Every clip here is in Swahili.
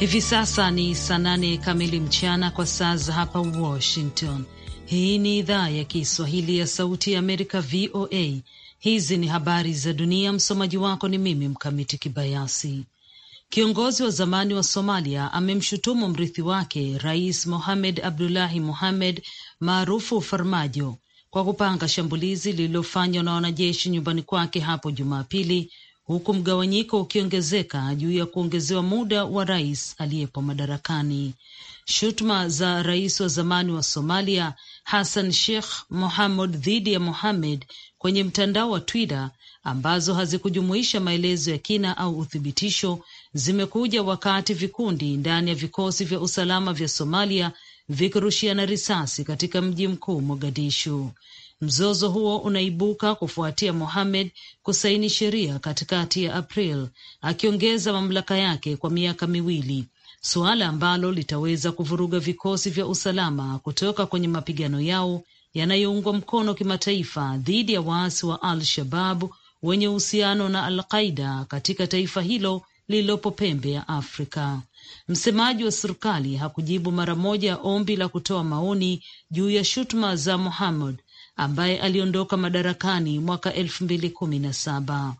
Hivi sasa ni saa nane kamili mchana kwa saa za hapa Washington. Hii ni idhaa ya Kiswahili ya Sauti ya Amerika, VOA. Hizi ni habari za dunia. Msomaji wako ni mimi Mkamiti Kibayasi. Kiongozi wa zamani wa Somalia amemshutumu mrithi wake Rais Mohamed Abdullahi Mohamed maarufu Farmajo kwa kupanga shambulizi lililofanywa na wanajeshi nyumbani kwake hapo Jumapili, huku mgawanyiko ukiongezeka juu ya kuongezewa muda wa rais aliyepo madarakani. Shutuma za rais wa zamani wa Somalia Hassan Sheikh Mohamud dhidi ya Mohamed kwenye mtandao wa Twitter ambazo hazikujumuisha maelezo ya kina au uthibitisho zimekuja wakati vikundi ndani ya vikosi vya usalama vya Somalia vikirushiana risasi katika mji mkuu Mogadishu. Mzozo huo unaibuka kufuatia Mohamed kusaini sheria katikati ya April akiongeza mamlaka yake kwa miaka miwili, suala ambalo litaweza kuvuruga vikosi vya usalama kutoka kwenye mapigano yao yanayoungwa mkono kimataifa dhidi ya waasi wa Al-Shababu wenye uhusiano na Al-Qaida katika taifa hilo lililopo pembe ya Afrika. Msemaji wa serikali hakujibu mara moja ombi la kutoa maoni juu ya shutuma za Mohamed ambaye aliondoka madarakani mwaka elfu mbili kumi na saba.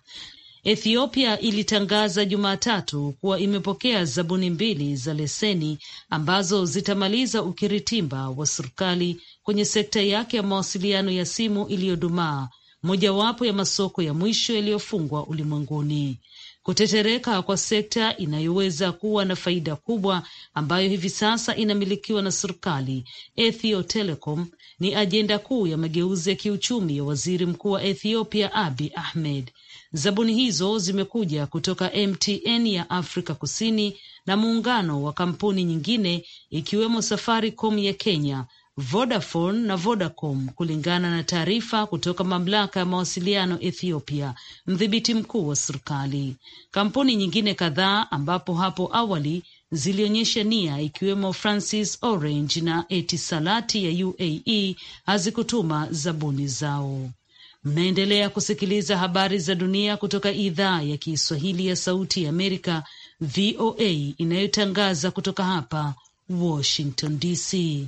Ethiopia ilitangaza Jumatatu kuwa imepokea zabuni mbili za leseni ambazo zitamaliza ukiritimba wa serikali kwenye sekta yake ya mawasiliano ya simu iliyodumaa, mojawapo ya masoko ya mwisho yaliyofungwa ulimwenguni kutetereka kwa sekta inayoweza kuwa na faida kubwa ambayo hivi sasa inamilikiwa na serikali, Ethio Telecom, ni ajenda kuu ya mageuzi ya kiuchumi ya waziri mkuu wa Ethiopia abi Ahmed. Zabuni hizo zimekuja kutoka MTN ya Afrika Kusini na muungano wa kampuni nyingine ikiwemo Safaricom ya Kenya Vodafone na Vodacom, kulingana na taarifa kutoka mamlaka ya mawasiliano Ethiopia, mdhibiti mkuu wa serikali. Kampuni nyingine kadhaa ambapo hapo awali zilionyesha nia ikiwemo Francis Orange na Etisalati ya UAE hazikutuma zabuni zao. Mnaendelea kusikiliza habari za dunia kutoka idhaa ya Kiswahili ya Sauti ya Amerika, VOA, inayotangaza kutoka hapa Washington DC.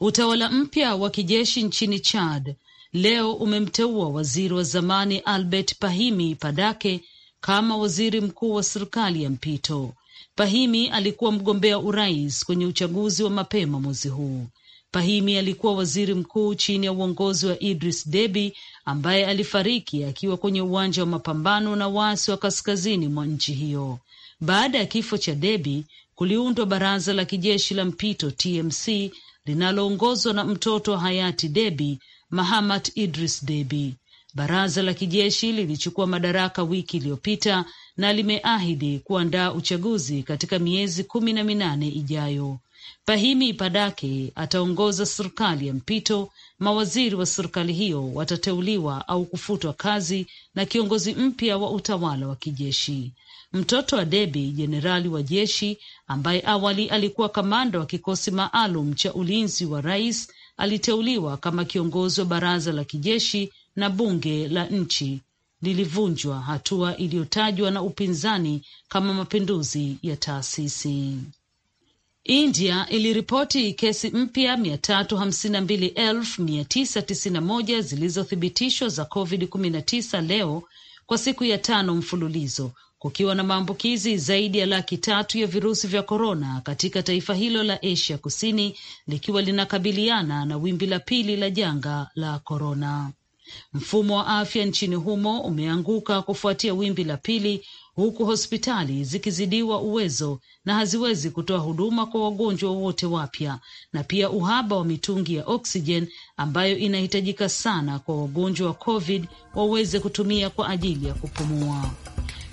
Utawala mpya wa kijeshi nchini Chad leo umemteua waziri wa zamani Albert Pahimi Padake kama waziri mkuu wa serikali ya mpito. Pahimi alikuwa mgombea urais kwenye uchaguzi wa mapema mwezi huu. Pahimi alikuwa waziri mkuu chini ya uongozi wa Idris Deby ambaye alifariki akiwa kwenye uwanja wa mapambano na waasi wa kaskazini mwa nchi hiyo. Baada ya kifo cha Deby, kuliundwa baraza la kijeshi la mpito TMC linaloongozwa na mtoto wa hayati Debi Mahamat Idris Debi. Baraza la kijeshi lilichukua madaraka wiki iliyopita na limeahidi kuandaa uchaguzi katika miezi kumi na minane ijayo. Fahimi Padake ataongoza serikali ya mpito. Mawaziri wa serikali hiyo watateuliwa au kufutwa kazi na kiongozi mpya wa utawala wa kijeshi. Mtoto wa debi jenerali wa jeshi ambaye awali alikuwa kamanda wa kikosi maalum cha ulinzi wa rais, aliteuliwa kama kiongozi wa baraza la kijeshi na bunge la nchi lilivunjwa, hatua iliyotajwa na upinzani kama mapinduzi ya taasisi. India iliripoti kesi mpya 352,991 zilizothibitishwa za COVID-19 leo kwa siku ya tano mfululizo, kukiwa na maambukizi zaidi ya laki tatu ya virusi vya korona katika taifa hilo la Asia Kusini likiwa linakabiliana na wimbi la pili la janga la korona. Mfumo wa afya nchini humo umeanguka kufuatia wimbi la pili, huku hospitali zikizidiwa uwezo na haziwezi kutoa huduma kwa wagonjwa wote wapya, na pia uhaba wa mitungi ya oksijen ambayo inahitajika sana kwa wagonjwa wa COVID waweze kutumia kwa ajili ya kupumua.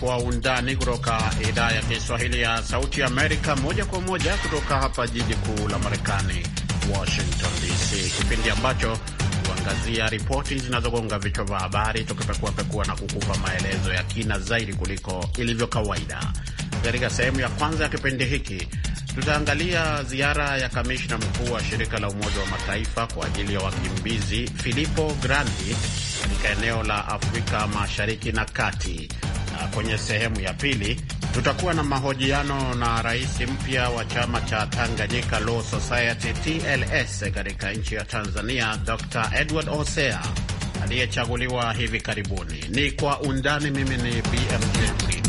Kwa Undani kutoka idhaa ya Kiswahili ya Sauti Amerika, moja kwa moja kutoka hapa jiji kuu la Marekani, Washington DC, kipindi ambacho huangazia ripoti zinazogonga vichwa vya habari, tukipekuapekua na kukupa maelezo ya kina zaidi kuliko ilivyo kawaida. Katika sehemu ya kwanza ya kipindi hiki tutaangalia ziara ya kamishna mkuu wa shirika la Umoja wa Mataifa kwa ajili ya wakimbizi filipo Grandi katika eneo la Afrika Mashariki na Kati kwenye sehemu ya pili tutakuwa na mahojiano na rais mpya wa chama cha Tanganyika Law Society TLS katika nchi ya Tanzania, Dr Edward Osea aliyechaguliwa hivi karibuni. Ni kwa undani. Mimi ni BMJ.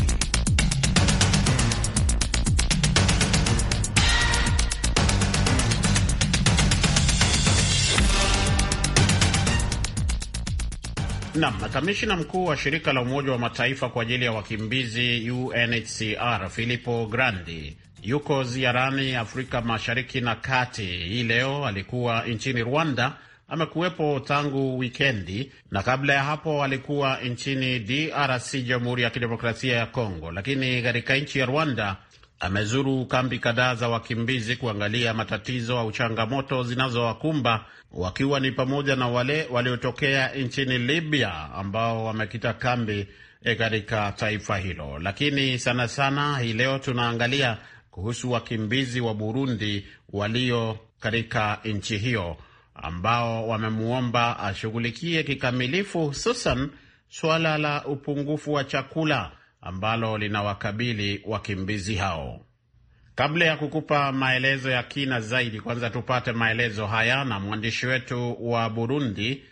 Nam kamishina mkuu wa shirika la Umoja wa Mataifa kwa ajili ya wakimbizi UNHCR Filippo Grandi yuko ziarani Afrika Mashariki na Kati hii leo. Alikuwa nchini Rwanda, amekuwepo tangu wikendi, na kabla ya hapo alikuwa nchini DRC, Jamhuri ya Kidemokrasia ya Kongo, lakini katika nchi ya Rwanda amezuru kambi kadhaa za wakimbizi kuangalia matatizo au changamoto zinazowakumba wakiwa ni pamoja na wale waliotokea nchini Libya ambao wamekita kambi e, katika taifa hilo. Lakini sana sana hii leo tunaangalia kuhusu wakimbizi wa Burundi walio katika nchi hiyo ambao wamemwomba ashughulikie kikamilifu hususan suala la upungufu wa chakula ambalo linawakabili wakimbizi hao. Kabla ya kukupa maelezo ya kina zaidi, kwanza tupate maelezo haya na mwandishi wetu wa Burundi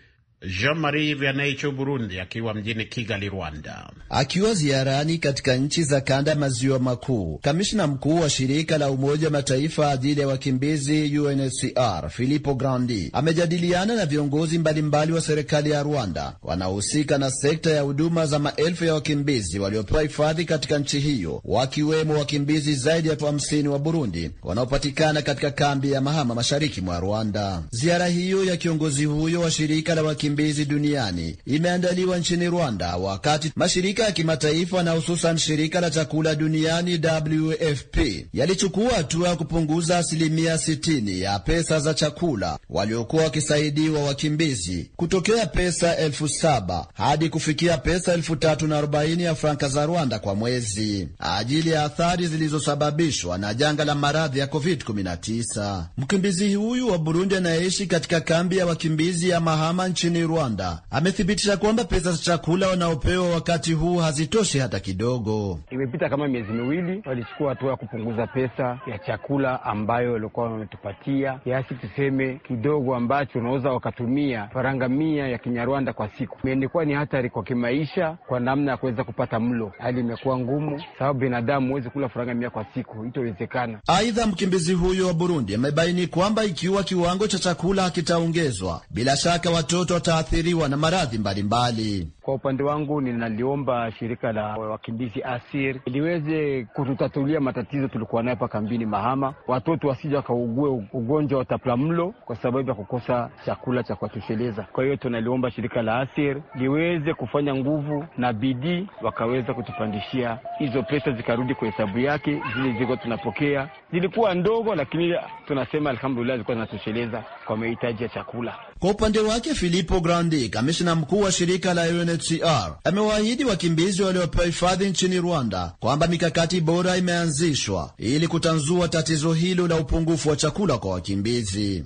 Jean Marie Vianney Burundi akiwa mjini Kigali, Rwanda. Akiwa ziarani katika nchi za kanda maziwa makuu, kamishna mkuu wa shirika la Umoja Mataifa ajili ya wakimbizi UNHCR Filippo Grandi amejadiliana na viongozi mbalimbali wa serikali ya Rwanda wanaohusika na sekta ya huduma za maelfu ya wakimbizi waliopewa hifadhi katika nchi hiyo, wakiwemo wakimbizi zaidi ya elfu hamsini wa Burundi wanaopatikana katika kambi ya Mahama mashariki mwa Rwanda. Ziara hiyo ya kiongozi huyo wa shirika la wakimbizi wakimbizi duniani imeandaliwa nchini Rwanda, wakati mashirika ya kimataifa na hususan shirika la chakula duniani WFP yalichukua hatua ya kupunguza asilimia 60 ya pesa za chakula waliokuwa wakisaidiwa wakimbizi kutokea pesa elfu saba hadi kufikia pesa elfu tatu na arobaini ya franka za Rwanda kwa mwezi ajili ya athari zilizosababishwa na janga la maradhi ya COVID-19. Mkimbizi huyu wa Burundi anayeishi katika kambi ya wakimbizi ya Mahama nchini nchini Rwanda amethibitisha kwamba pesa za chakula wanaopewa wakati huu hazitoshi hata kidogo. Imepita kama miezi miwili, walichukua hatua ya kupunguza pesa ya chakula ambayo walikuwa wametupatia, kiasi tuseme kidogo ambacho unaweza wakatumia faranga mia ya Kinyarwanda kwa siku. Imekuwa ni hatari kwa kimaisha, kwa namna ya kuweza kupata mlo. Hali imekuwa ngumu, sababu binadamu huwezi kula faranga mia kwa siku, itowezekana. Aidha, mkimbizi huyo wa Burundi amebaini kwamba ikiwa kiwango cha chakula hakitaongezwa, bila shaka watoto wata wataathiriwa na maradhi mbalimbali. Kwa upande wangu, ninaliomba shirika la wakimbizi ASIR liweze kututatulia matatizo tulikuwa nayo hapa kambini Mahama, watoto wasija wakaugue ugonjwa wa utapiamlo kwa sababu ya kukosa chakula cha kuwatosheleza. Kwa hiyo tunaliomba shirika la ASIR liweze kufanya nguvu na bidii, wakaweza kutupandishia hizo pesa, zikarudi kwa hesabu yake. Zile ziko tunapokea zilikuwa ndogo, lakini tunasema alhamdulillah, zilikuwa zinatosheleza kwa mahitaji ya chakula. Kwa upande wake Filipo Grandi, kamishina mkuu wa shirika la UNHCR, amewaahidi wakimbizi waliopewa hifadhi nchini Rwanda kwamba mikakati bora imeanzishwa ili kutanzua tatizo hilo la upungufu wa chakula kwa wakimbizi.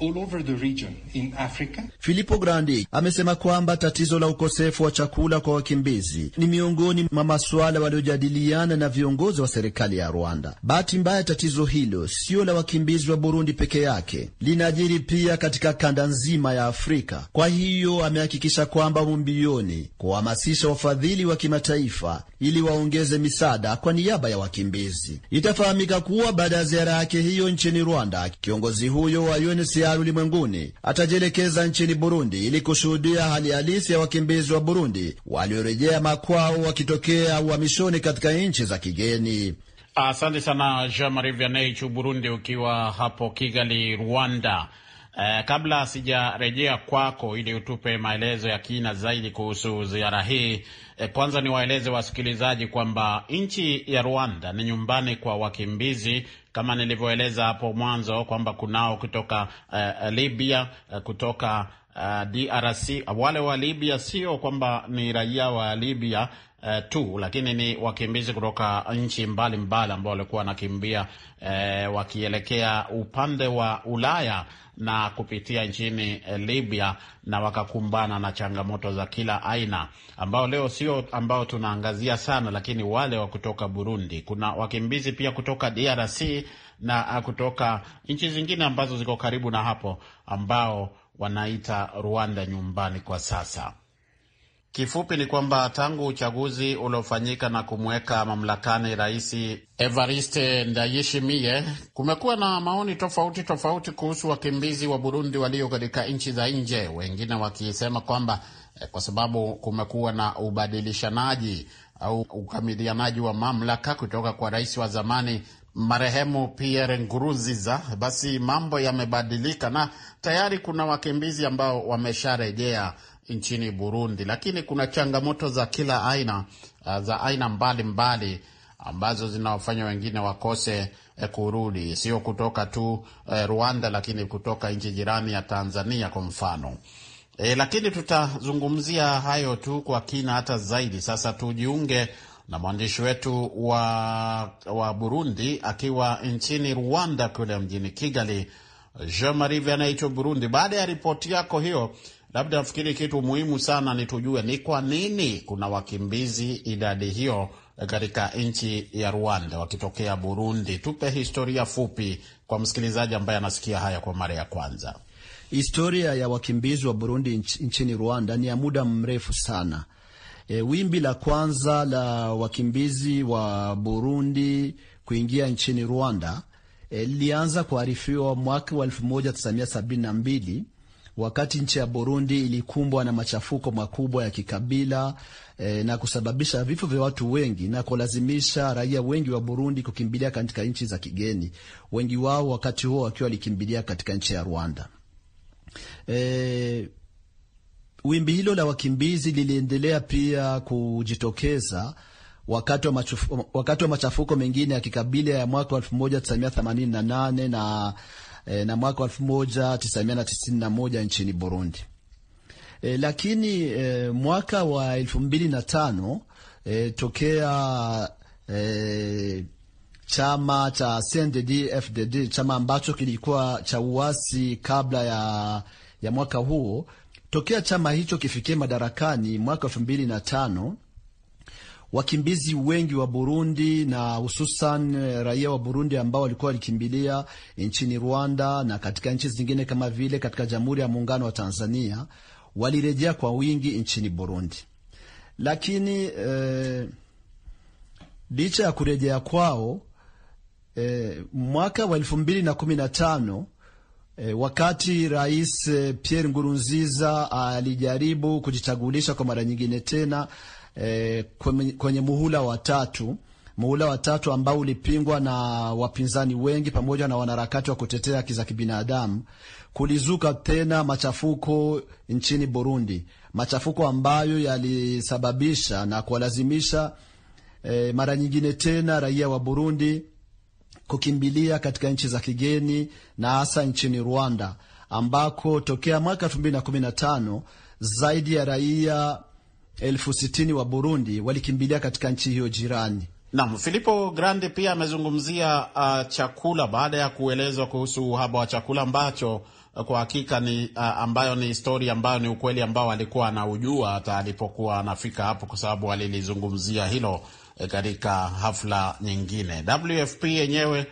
Uh, Filippo Grandi amesema kwamba tatizo la ukosefu wa chakula kwa wakimbizi ni miongoni mwa masuala waliojadiliana na viongozi wa serikali ya Rwanda. Rwanda. Bahati mbaya, tatizo hilo sio la wakimbizi wa Burundi peke yake, linajiri pia katika kanda nzima ya Afrika. Kwa hiyo amehakikisha kwamba mumbioni kuhamasisha wafadhili wa kimataifa ili waongeze misaada kwa niaba ya wakimbizi. Itafahamika kuwa baada ya ziara yake hiyo nchini Rwanda, kiongozi huyo wa UNHCR ulimwenguni atajielekeza nchini Burundi ili kushuhudia hali halisi ya wakimbizi wa Burundi waliorejea makwao wakitokea uhamishoni katika nchi za kigeni. Asante sana Jean Marie Vianney Burundi, ukiwa hapo Kigali, Rwanda. Eh, kabla sijarejea kwako ili utupe maelezo ya kina zaidi kuhusu ziara hii eh, kwanza niwaeleze wasikilizaji kwamba nchi ya Rwanda ni nyumbani kwa wakimbizi kama nilivyoeleza hapo mwanzo kwamba kunao kutoka eh, Libya eh, kutoka uh, DRC, uh, wale wa Libya sio kwamba ni raia wa Libya uh, tu, lakini ni wakimbizi kutoka nchi mbalimbali ambao walikuwa wanakimbia uh, wakielekea upande wa Ulaya na kupitia nchini uh, Libya na wakakumbana na changamoto za kila aina, ambao leo sio ambao tunaangazia sana, lakini wale wa kutoka Burundi. Kuna wakimbizi pia kutoka DRC na uh, kutoka nchi zingine ambazo ziko karibu na hapo ambao wanaita Rwanda nyumbani kwa sasa. Kifupi ni kwamba tangu uchaguzi uliofanyika na kumweka mamlakani Rais Evariste Ndayishimiye, kumekuwa na maoni tofauti tofauti kuhusu wakimbizi wa Burundi walio katika nchi za nje, wengine wakisema kwamba eh, kwa sababu kumekuwa na ubadilishanaji au ukamilianaji wa mamlaka kutoka kwa rais wa zamani marehemu Pierre Nguruziza, basi mambo yamebadilika na tayari kuna wakimbizi ambao wamesharejea nchini Burundi, lakini kuna changamoto za kila aina uh, za aina mbalimbali mbali, ambazo zinawafanya wengine wakose eh, kurudi, sio kutoka tu e, Rwanda, lakini kutoka nchi jirani ya Tanzania kwa mfano. E, lakini tutazungumzia hayo tu kwa kina hata zaidi. Sasa tujiunge na mwandishi wetu wa, wa Burundi akiwa nchini Rwanda kule mjini Kigali, Jean Marie Vianney Burundi. Baada ya ripoti yako hiyo, labda nafikiri kitu muhimu sana ni tujue ni kwa nini kuna wakimbizi idadi hiyo katika nchi ya Rwanda wakitokea Burundi. Tupe historia fupi kwa msikilizaji ambaye anasikia haya kwa mara ya kwanza. Historia ya wakimbizi wa Burundi nchini Rwanda ni ya muda mrefu sana. E, wimbi la kwanza la wakimbizi wa Burundi kuingia nchini Rwanda eh, lilianza e, mwaka wa 1972 wakati nchi ya Burundi ilikumbwa na machafuko makubwa ya kikabila e, na kusababisha vifo vya watu wengi na kulazimisha raia wengi wa Burundi kukimbilia katika nchi za kigeni, wengi wao wakati huo wakiwa walikimbilia katika nchi ya Rwanda. E, Wimbi hilo la wakimbizi liliendelea pia kujitokeza wakati wa, machufu, wakati wa machafuko mengine ya kikabila ya mwaka 1988 na, eh, na mwaka 1991 nchini Burundi. E, lakini e, mwaka wa tano e, tokea e, chama cha CNDD FDD, chama ambacho kilikuwa cha uasi kabla ya, ya mwaka huo Tokea chama hicho kifikie madarakani mwaka elfu mbili na tano wakimbizi wengi wa Burundi na hususan eh, raia wa Burundi ambao walikuwa walikimbilia nchini Rwanda na katika nchi zingine kama vile katika Jamhuri ya Muungano wa Tanzania walirejea kwa wingi nchini Burundi, lakini eh, licha ya kurejea kwao eh, mwaka wa elfu mbili na kumi na tano E, wakati Rais eh, Pierre ngurunziza alijaribu kujichagulisha kwa mara nyingine tena e, kwenye, kwenye muhula wa tatu muhula wa tatu ambao ulipingwa na wapinzani wengi pamoja na wanaharakati wa kutetea haki za kibinadamu, kulizuka tena machafuko nchini Burundi, machafuko ambayo yalisababisha na kuwalazimisha e, mara nyingine tena raia wa Burundi kukimbilia katika nchi za kigeni na hasa nchini Rwanda ambako tokea mwaka 2015 zaidi ya raia elfu sitini wa Burundi walikimbilia katika nchi hiyo jirani. Naam, Filipo Grande pia amezungumzia uh, chakula baada ya kuelezwa kuhusu uhaba wa chakula ambacho uh, kwa hakika ni uh, ambayo ni historia ambayo ni ukweli ambao alikuwa anaujua hata alipokuwa anafika hapo, kwa sababu alilizungumzia hilo Eh, katika hafla nyingine. WFP yenyewe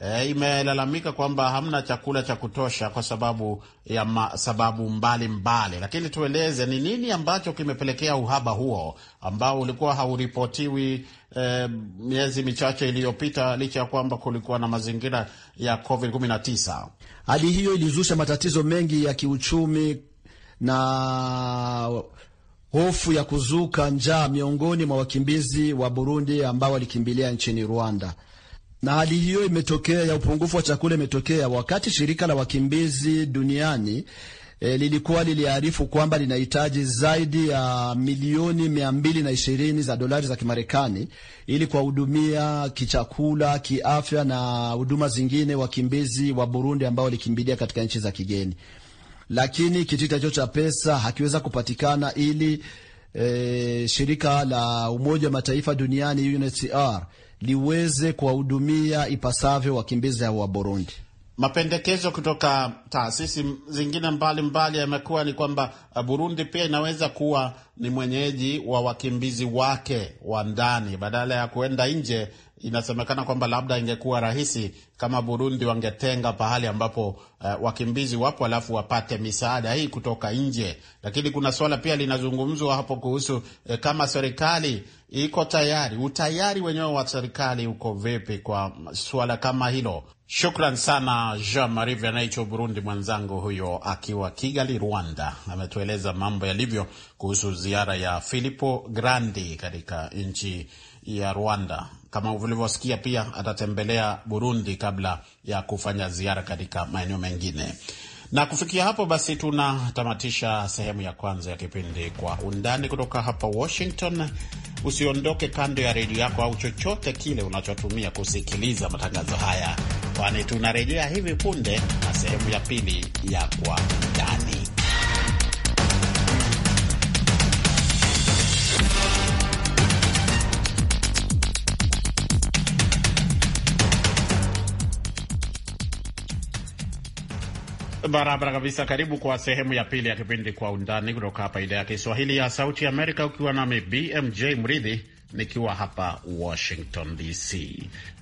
E, imelalamika kwamba hamna chakula cha kutosha kwa sababu ya ma, sababu mbalimbali mbali. Lakini tueleze ni nini ambacho kimepelekea uhaba huo ambao ulikuwa hauripotiwi e, miezi michache iliyopita licha ya kwamba kulikuwa na mazingira ya COVID-19. Hali hiyo ilizusha matatizo mengi ya kiuchumi na hofu ya kuzuka njaa miongoni mwa wakimbizi wa Burundi ambao walikimbilia nchini Rwanda. Na hali hiyo imetokea ya upungufu wa chakula imetokea wakati shirika la wakimbizi duniani E, lilikuwa liliarifu kwamba linahitaji zaidi ya milioni mia mbili na ishirini za dolari za Kimarekani ili kuwahudumia kichakula, kiafya na huduma zingine wakimbizi wa Burundi ambao walikimbilia katika nchi za kigeni lakini kitita hicho cha pesa hakiweza kupatikana ili e, shirika la Umoja wa Mataifa duniani UNHCR liweze kuwahudumia ipasavyo wakimbizi hao wa Burundi. Mapendekezo kutoka taasisi zingine mbalimbali yamekuwa ni kwamba eh, Burundi pia inaweza kuwa ni mwenyeji wa wakimbizi wake wa ndani badala ya kuenda nje inasemekana kwamba labda ingekuwa rahisi kama Burundi wangetenga pahali ambapo uh, wakimbizi wapo, alafu wapate misaada hii kutoka nje. Lakini kuna swala pia linazungumzwa hapo kuhusu eh, kama serikali iko tayari, utayari wenyewe wa serikali uko vipi kwa swala kama hilo. Shukran sana Jean Marie Vianney, Burundi mwenzangu huyo akiwa Kigali, Rwanda, ametueleza mambo yalivyo kuhusu ziara ya Filippo Grandi katika nchi ya Rwanda. Kama ulivyosikia, pia atatembelea Burundi kabla ya kufanya ziara katika maeneo mengine. Na kufikia hapo basi, tunatamatisha sehemu ya kwanza ya kipindi Kwa Undani kutoka hapa Washington. Usiondoke kando ya redio yako au chochote kile unachotumia kusikiliza matangazo haya, kwani tunarejea hivi punde na sehemu ya pili ya Kwa Undani. Barabara kabisa. Karibu kwa sehemu ya pili ya kipindi Kwa Undani kutoka hapa idhaa ya Kiswahili ya Sauti ya Amerika, ukiwa nami BMJ Mridhi nikiwa hapa Washington DC.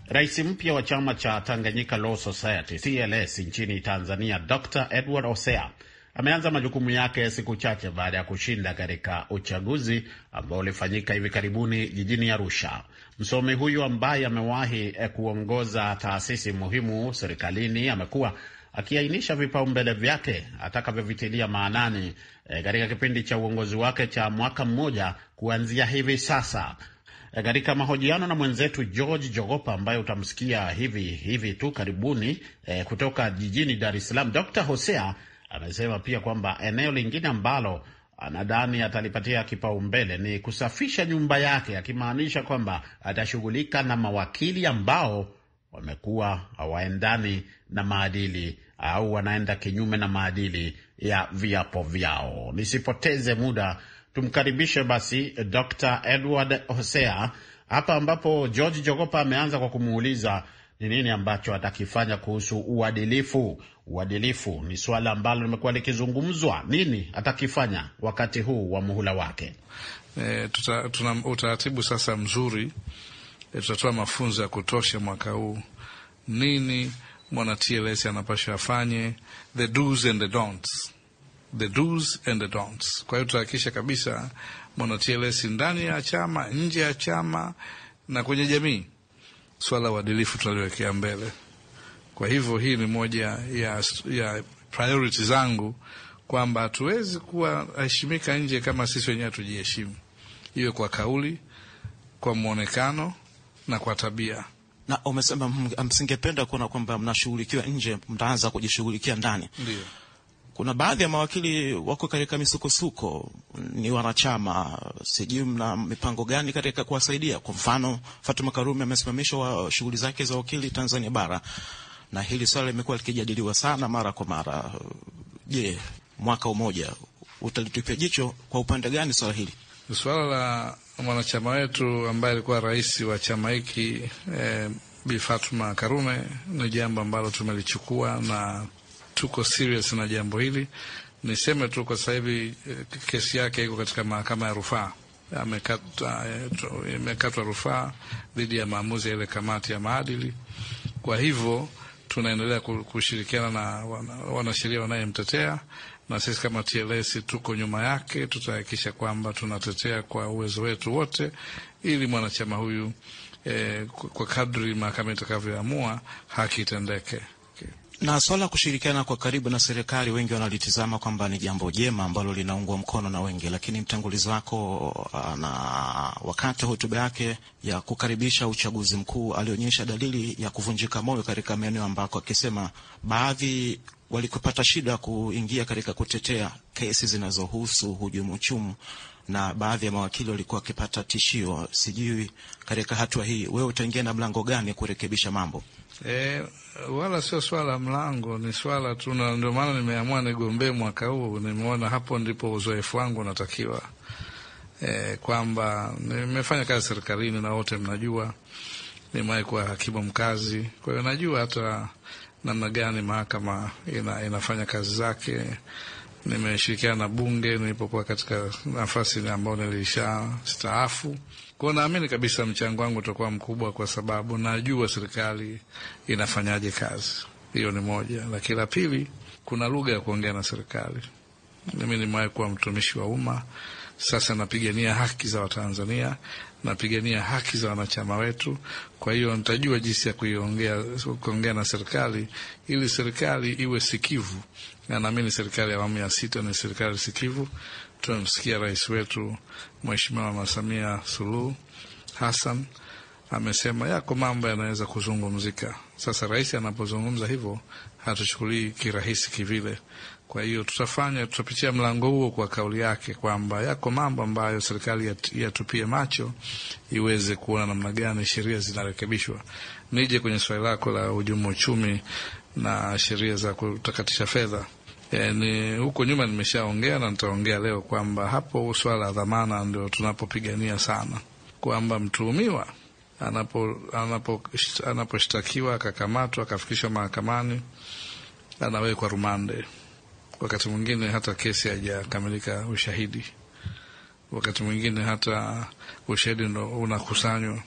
Rais mpya wa chama cha Tanganyika Law Society TLS nchini Tanzania, Dr Edward Osea ameanza majukumu yake siku chache baada ya kushinda katika uchaguzi ambao ulifanyika hivi karibuni jijini Arusha. Msomi huyu ambaye amewahi eh, kuongoza taasisi muhimu serikalini amekuwa akiainisha vipaumbele vyake atakavyovitilia maanani eh, katika e, kipindi cha uongozi wake cha mwaka mmoja kuanzia hivi sasa. Eh, katika mahojiano na mwenzetu George Jogopa ambaye utamsikia hivi hivi tu karibuni e, kutoka jijini Dar es Salaam, Dr. Hosea amesema pia kwamba eneo lingine ambalo anadhani atalipatia kipaumbele ni kusafisha nyumba yake, akimaanisha kwamba atashughulika na mawakili ambao wamekuwa hawaendani na maadili au wanaenda kinyume na maadili ya viapo vyao. Nisipoteze muda, tumkaribishe basi Dr. Edward Hosea hapa ambapo George Jogopa ameanza kwa kumuuliza ni nini ambacho atakifanya kuhusu uadilifu. Uadilifu ni suala ambalo limekuwa likizungumzwa. Nini atakifanya wakati huu wa muhula wake? E, tuta, tuna utaratibu sasa mzuri e, tutatoa mafunzo ya kutosha mwaka huu nini mwana TLS anapasha afanye the do's and the don'ts, the do's and the don'ts. Kwa hiyo tutahakikisha kabisa mwana TLS ndani ya chama, nje ya chama na kwenye jamii, swala uadilifu tutaliwekea mbele. Kwa hivyo hii ni moja ya, ya priority zangu kwamba hatuwezi kuwa heshimika nje kama sisi wenyewe hatujiheshimu, iwe kwa kauli, kwa mwonekano na kwa tabia na umesema msingependa kuona kwamba mnashughulikiwa nje, mtaanza kujishughulikia ndani. Ndiyo. Kuna baadhi ya mawakili wako katika misukosuko, ni wanachama, sijui mna mipango gani katika kuwasaidia? Kwa mfano, Fatuma Karume amesimamishwa shughuli zake za wakili Tanzania bara, na hili swala limekuwa likijadiliwa sana mara kwa mara. Je, mwaka umoja utalitupia jicho kwa upande gani swala hili? Swala la mwanachama wetu ambaye alikuwa rais wa chama hiki eh, Bi Fatuma Karume, ni jambo ambalo tumelichukua na tuko serious na jambo hili. Niseme tu kwa sasa hivi eh, kesi yake iko katika mahakama ya rufaa, eh, imekatwa rufaa dhidi ya maamuzi ya ile kamati ya maadili. Kwa hivyo tunaendelea kushirikiana na wanasheria wanayemtetea na sisi kama TLS tuko nyuma yake, tutahakikisha kwamba tunatetea kwa uwezo wetu wote, ili mwanachama huyu eh, kwa kadri mahakama itakavyoamua haki itendeke. Na swala kushirikiana kwa karibu na serikali, wengi wanalitizama kwamba ni jambo jema ambalo linaungwa mkono na wengi, lakini mtangulizi wako uh, na wakati hotuba yake ya kukaribisha uchaguzi mkuu alionyesha dalili ya kuvunjika moyo katika maeneo ambako akisema baadhi walikupata shida kuingia katika kutetea kesi zinazohusu hujumu na baadhi ya mawakili walikuwa wakipata tishio. Sijui katika hatua hii wewe utaingia na mlango gani kurekebisha mambo? E, wala sio swala mlango, ni swala tu, na ndio maana nimeamua nigombee mwaka huu. Nimeona hapo ndipo uzoefu wangu unatakiwa e, kwamba nimefanya kazi serikalini na wote mnajua, nimewahi kuwa hakimu mkazi, kwa hiyo najua hata namna gani mahakama ina, inafanya kazi zake. Nimeshirikiana na Bunge nilipokuwa katika nafasi ambayo nilisha staafu. Kwao naamini kabisa mchango wangu utakuwa mkubwa, kwa sababu najua serikali inafanyaje kazi. Hiyo ni moja, lakini la pili, kuna lugha ya kuongea na serikali. Mimi nimewahi kuwa mtumishi wa umma, sasa napigania haki za Watanzania, napigania haki za wanachama wetu. Kwa hiyo nitajua jinsi ya kuiongea, kuongea na serikali ili serikali iwe sikivu, na naamini serikali ya awamu ya sita ni serikali sikivu. Tumemsikia rais wetu Mheshimiwa Mama Samia Suluhu Hassan amesema yako mambo yanaweza kuzungumzika. Sasa rais anapozungumza hivyo hatuchukulii kirahisi kivile. Kwa hiyo tutafanya, tutapitia mlango huo kwa kauli yake kwamba yako mambo ambayo serikali yatupie macho iweze kuona namna gani sheria zinarekebishwa. Nije kwenye swali lako la hujuma uchumi na sheria za kutakatisha fedha. Eh, ni huko nyuma nimeshaongea na nitaongea leo kwamba hapo swala la dhamana ndio tunapopigania sana, kwamba mtuhumiwa anapo, anapo, anaposhtakiwa akakamatwa akafikishwa mahakamani anawekwa rumande. Wakati mwingine hata kesi haijakamilika ushahidi, wakati mwingine hata ushahidi ndo unakusanywa.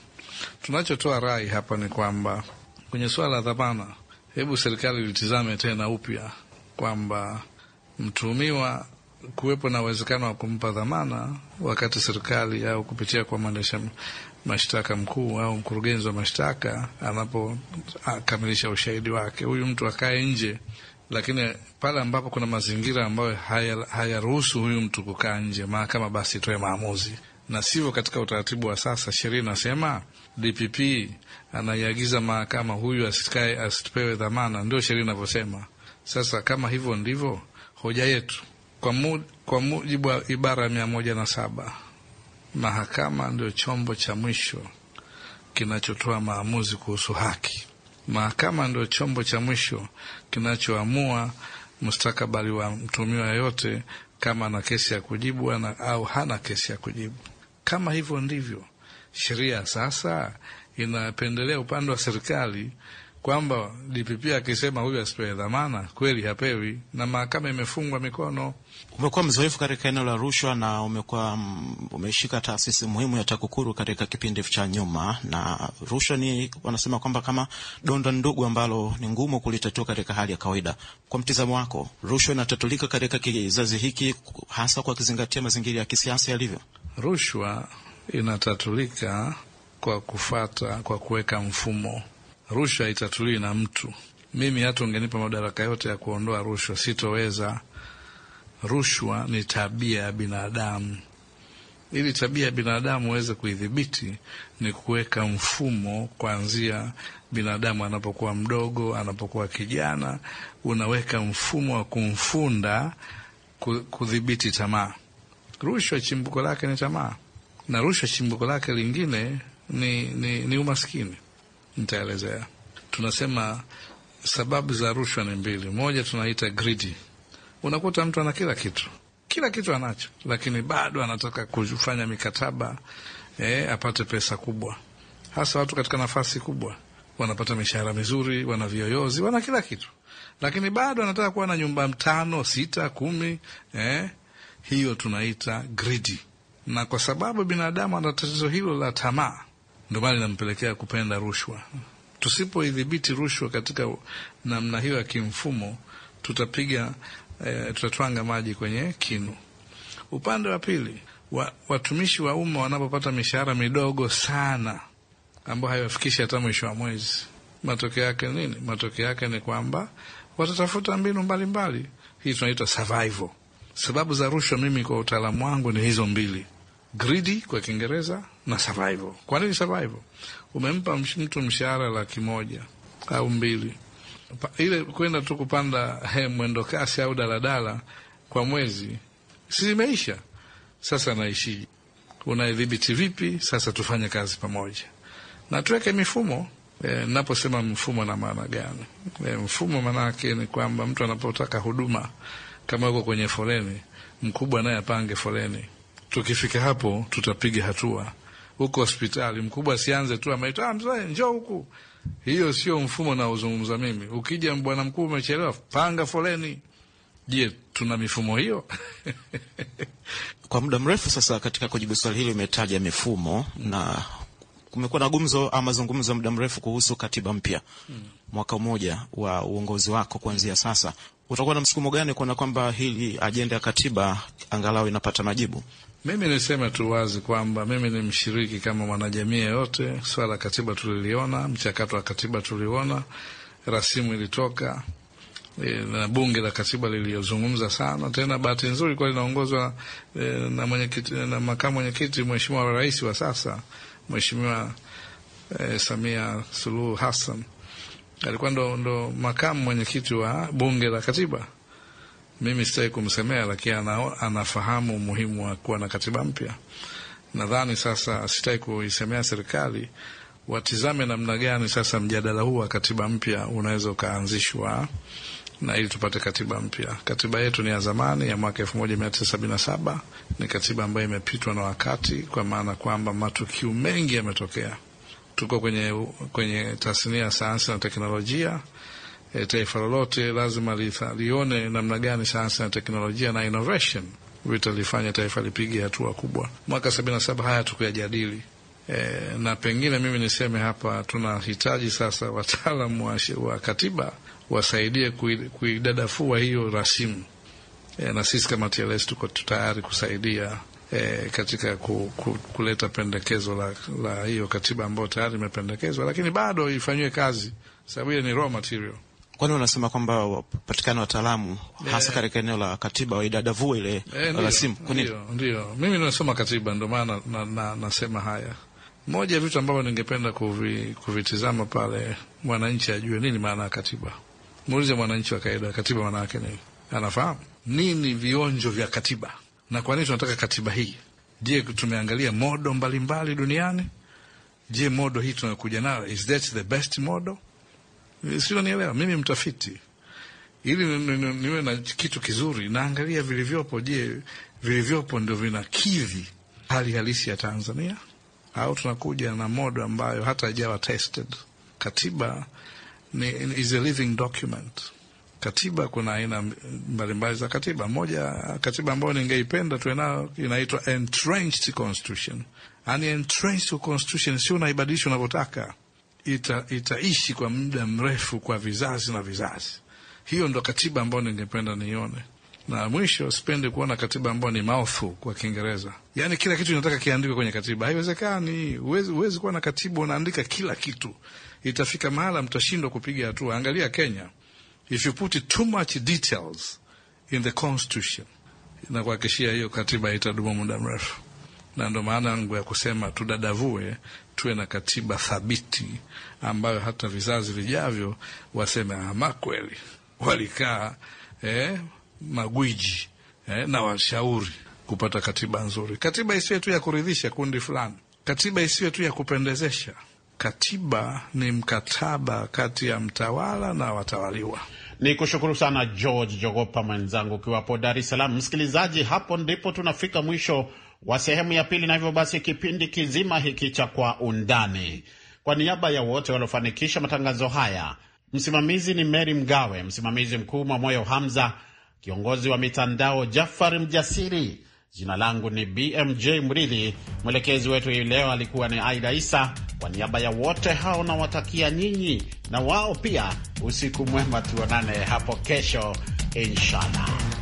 Tunachotoa rai hapa ni kwamba kwenye swala la dhamana, hebu serikali litizame tena upya kwamba mtuhumiwa kuwepo na uwezekano wa kumpa dhamana wakati serikali au kupitia kwa mwendesha mashtaka mkuu au mkurugenzi wa mashtaka anapokamilisha ushahidi wake, huyu mtu akae nje. Lakini pale ambapo kuna mazingira ambayo hayaruhusu haya huyu mtu kukaa nje, mahakama basi itoe maamuzi, na sivyo katika utaratibu wa sasa. Sheria inasema DPP anaiagiza mahakama huyu asikae, asipewe dhamana, ndio sheria inavyosema. Sasa kama hivyo ndivyo, hoja yetu kwa, mu, kwa mujibu wa ibara ya mia moja na saba mahakama ndio chombo cha mwisho kinachotoa maamuzi kuhusu haki. Mahakama ndio chombo cha mwisho kinachoamua mustakabali wa mtumiwa yoyote, kama ana kesi ya kujibu ana, au hana kesi ya kujibu. Kama hivyo ndivyo, sheria sasa inapendelea upande wa serikali kwamba DPP akisema huyu asipewe dhamana kweli hapewi, na mahakama imefungwa mikono. Umekuwa mzoefu katika eneo la rushwa na umekuwa mm, umeshika taasisi muhimu ya TAKUKURU katika kipindi cha nyuma, na rushwa ni wanasema kwamba kama donda ndugu ambalo ni ngumu kulitatua katika hali ya kawaida. Kwa mtizamo wako, rushwa inatatulika katika kizazi hiki, hasa kwa kizingatia mazingira ya kisiasa yalivyo? Rushwa inatatulika kwa kufata, kwa kuweka mfumo rushwa itatuliwi na mtu. Mimi hata ungenipa madaraka yote ya kuondoa rushwa sitoweza. Rushwa ni tabia ya binadamu. Ili tabia ya binadamu uweze kuidhibiti, ni kuweka mfumo kuanzia binadamu anapokuwa mdogo, anapokuwa kijana, unaweka mfumo wa kumfunda kudhibiti tamaa. Rushwa chimbuko lake ni tamaa, na rushwa chimbuko lake lingine ni, ni, ni umaskini nitaelezea. Tunasema sababu za rushwa ni mbili. Moja tunaita gridi. Unakuta mtu ana kila kitu, kila kitu anacho, lakini bado anataka kufanya mikataba eh, apate pesa kubwa, hasa watu katika nafasi kubwa wanapata mishahara mizuri, wana vyoyozi, wana kila kitu, lakini bado anataka kuwa na nyumba tano, sita, kumi. Eh, hiyo tunaita gridi. Na kwa sababu binadamu ana tatizo hilo la tamaa, ndio maana inampelekea kupenda rushwa. Tusipoidhibiti rushwa katika namna hiyo ya kimfumo, tutapiga e, tutatwanga maji kwenye kinu. Upande wa pili wa, watumishi wa umma wanapopata mishahara midogo sana ambayo haiwafikishi hata mwisho wa mwezi, matokeo yake nini? Matokeo yake ni kwamba watatafuta mbinu mbalimbali mbali. Hii tunaitwa survival. Sababu za rushwa, mimi kwa utaalamu wangu ni hizo mbili, greedy kwa Kiingereza na survival. Kwa nini survival? Umempa mtu mshahara laki moja au mbili, pa, ile kwenda tu kupanda he mwendo kasi au daladala kwa mwezi, si imeisha? Sasa naishije? Unaidhibiti vipi? Sasa tufanye kazi pamoja na tuweke mifumo E, naposema mfumo na maana gani? E, mfumo maana yake ni kwamba mtu anapotaka huduma kama yuko kwenye foleni, mkubwa naye apange foleni. Tukifika hapo, tutapiga hatua huko hospitali, mkubwa sianze tu ameita, ah, mzee njoo huku. Hiyo sio mfumo naozungumza mimi. Ukija bwana mkuu, umechelewa, panga foleni. Je, tuna mifumo hiyo? Kwa muda mrefu sasa, katika kujibu swali hili umetaja mifumo na kumekuwa na gumzo ama mazungumzo muda mrefu kuhusu katiba mpya. Hmm. Mwaka mmoja wa uongozi wako kuanzia sasa, utakuwa na msukumo gani kuona kwamba hili ajenda ya katiba angalau inapata majibu? Mimi niseme tu wazi kwamba mimi ni mshiriki kama mwanajamii yeyote. Swala la katiba tuliliona, mchakato wa katiba tuliona, rasimu ilitoka e, na bunge la katiba liliyozungumza sana. Tena bahati nzuri kuwa linaongozwa e, na mwenyekiti na makamu mwenyekiti, mheshimiwa rais wa sasa, mheshimiwa eh, Samia Suluhu Hassan alikuwa ndo, ndo makamu mwenyekiti wa bunge la katiba mimi sitaki kumsemea, lakini ana, anafahamu umuhimu wa kuwa na katiba mpya. Nadhani sasa sitaki kuisemea serikali, watizame namna gani sasa mjadala huu wa katiba mpya unaweza ukaanzishwa na ili tupate katiba mpya. Katiba yetu ni ya zamani ya mwaka elfu moja mia tisa sabini na saba. Ni katiba ambayo imepitwa na wakati, kwa maana kwamba matukio mengi yametokea. Tuko kwenye, kwenye tasnia ya sayansi na teknolojia e, taifa lolote lazima lione namna gani sayansi na teknolojia na innovation vitalifanya taifa lipige hatua kubwa. Mwaka sabini na saba haya tukuyajadili e, na pengine mimi niseme hapa tunahitaji sasa wataalamu wa, wa katiba wasaidie kuidadafua kui hiyo rasimu e, na sisi kama TLS tuko tayari kusaidia E, katika ku, ku, kuleta pendekezo la, la hiyo katiba ambayo tayari imependekezwa, lakini bado ifanyiwe kazi, sababu ile ni raw material. Kwani wanasema kwamba wapatikana wataalamu hasa eh. katika eneo la katiba waidadavua ile rasimu. Eh, ndio mimi nasoma katiba, ndio maana na, na, nasema haya. Moja ya vitu ambavyo ningependa kuvi, kuvitizama pale, mwananchi ajue nini maana ya katiba. Muulize mwananchi wa kawaida, katiba maana yake nini? Anafahamu nini vionjo vya katiba na kwa nini tunataka katiba hii? Je, tumeangalia modo mbalimbali mbali duniani? Je, modo hii tunayokuja nayo is that the best modo? sio, nielewa mimi mtafiti, ili niwe na kitu kizuri, naangalia vilivyopo. Je, vilivyopo ndio vinakidhi hali halisi ya Tanzania au tunakuja na modo ambayo hata haijawa tested? Katiba ni, is a living document. Katiba kuna aina mbalimbali za katiba. Moja katiba ambayo ningeipenda tuwe nayo inaitwa entrenched constitution, yani entrenched constitution, sio unaibadilisha unavyotaka ita, itaishi kwa muda mrefu kwa vizazi na vizazi. Hiyo ndo katiba ambayo ningependa nione. Na mwisho, sipendi kuona katiba ambayo ni mouthful kwa Kiingereza, yaani kila kitu inataka kiandikwe kwenye katiba. Haiwezekani, huwezi kuwa na katiba unaandika kila kitu. Itafika mahala mtashindwa kupiga hatua. Angalia Kenya, if you put too much details in the constitution, inakuhakikishia hiyo katiba itadumu muda mrefu na ndo maana yangu ya kusema tudadavue, tuwe na katiba thabiti ambayo hata vizazi vijavyo waseme ama kweli walikaa eh, magwiji eh, na washauri kupata katiba nzuri, katiba isiwe tu ya kuridhisha kundi fulani, katiba isiwe tu ya kupendezesha. Katiba ni mkataba kati ya mtawala na watawaliwa. Ni kushukuru sana George Jogopa mwenzangu ukiwapo Dar es Salaam. Msikilizaji, hapo ndipo tunafika mwisho wa sehemu ya pili, na hivyo basi kipindi kizima hiki cha Kwa Undani. Kwa niaba ya wote waliofanikisha matangazo haya, msimamizi ni Meri Mgawe, msimamizi mkuu Mwamoyo Hamza, kiongozi wa mitandao Jafar Mjasiri. Jina langu ni BMJ Mridhi, mwelekezi wetu hii leo alikuwa ni Aida Isa. Kwa niaba ya wote hao nawatakia nyinyi na wao pia usiku mwema, tuonane hapo kesho inshallah.